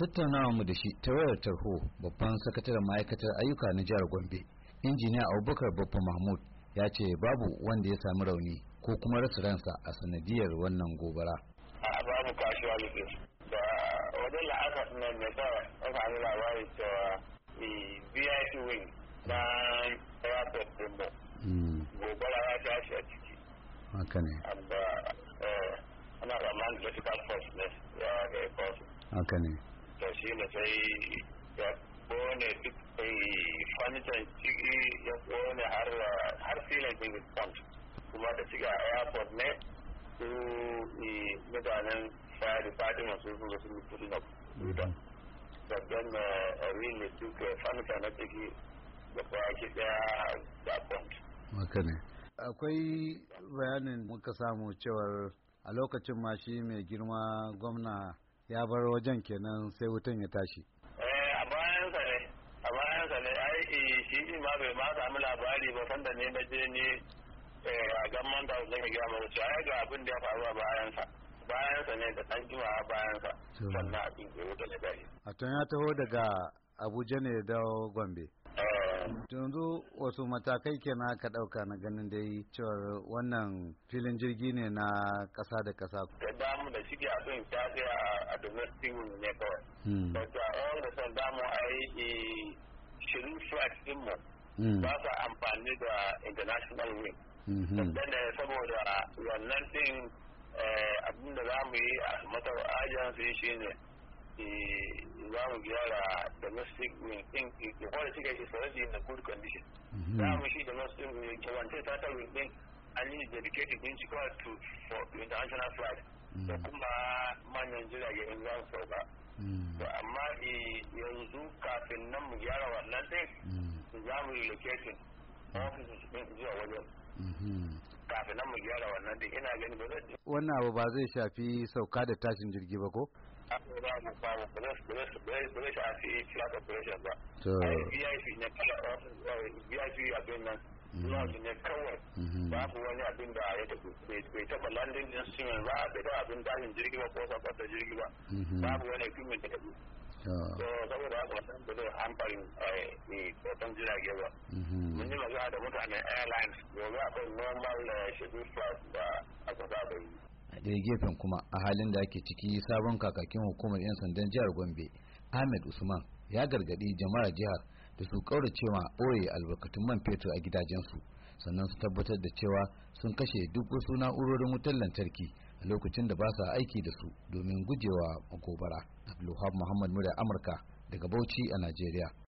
tattaunawa mu da shi ta wayar tarho babban sakataren ma'aikatar ayyuka na jihar gombe injiniya abubakar babba mahmud ya ce babu wanda ya sami rauni ko kuma rasa ransa a sanadiyar wannan gobara a babu kashewa da wajen la'akar nan ne ta an sami labari cewa eh, vip wing na airport din hmm. gobara ya tashi a ciki haka ne amma eh, ana da man political force ne ya ga ya haka ne shi ne sai ya kone duk sai fanitan ciki ya kone har filin jirgin pump kuma da shiga airport ne su mutanen fari fatima sun zuwa sun yi kudin abu babban rin da eh, suka fanitan na ciki da kwaki daya da ne akwai bayanin muka samu cewar a lokacin mashi mai girma gwamna ya bar wajen kenan sai wutan ya tashi eh a bayan sa ne a bayan sa ne ai shi ne ma bai ma samu labari ba sanda ne na je ne eh, a gamman da zai ga mu ci ai ga abin da ya faru a bayan sa bayan sa ne da san jima a bayan sa sannan ya a tun ya taho daga Abuja ne da Gombe yanzu wasu matakai kenan aka ɗauka na ganin dai cewar wannan filin jirgi ne na kasa da kasa. Da damu da hmm. shi a sun shafi a domestic ne kawai. But all da san damu a yi shirin a cikin mu. Hmm. Ba sa amfani da international wing. Hmm. da saboda wannan din eh, abin da za mu yi a matar agency shi ne. za mu gyara domestic wing din ke kwada cika shi sarari na good condition za mu shi domestic wing ke wance ta ta wing din an yi dedicated din shi kawai to for international flight da kuma manyan jirage in za su sauka to amma yanzu kafin nan mu gyara wannan din za mu yi location offices din zuwa wajen kafin nan mu gyara wannan din ina gani ba zai wannan abu ba zai shafi sauka da tashin jirgi ba ko ba mu samu ba zai ba zai ba zai shafi flat operation ba vip ne kala vip abin nan lodge ne kawai babu wani abin da ya tafi bai taba landing instrument ba bai taba abin dajin jirgi ba ko sakwata jirgi ba babu wani equipment da tafi so saboda haka wannan ba zai hamfarin hoton jirage ba mun yi magana da mutane airlines gobe akwai normal eh, schedule flight da aka saba yi daya gefen kuma a halin da ake ciki sabon kakakin hukumar 'yan sandan jihar gombe ahmed usman ya gargadi jama'ar jihar da su kauracewa ɓoye albarkatun man fetur a gidajensu sannan su tabbatar da cewa sun kashe duk wasu na'urorin wutar lantarki a lokacin da ba sa aiki da su domin gujewa gobara abdulhab muhammad murya amurka daga bauchi a najeriya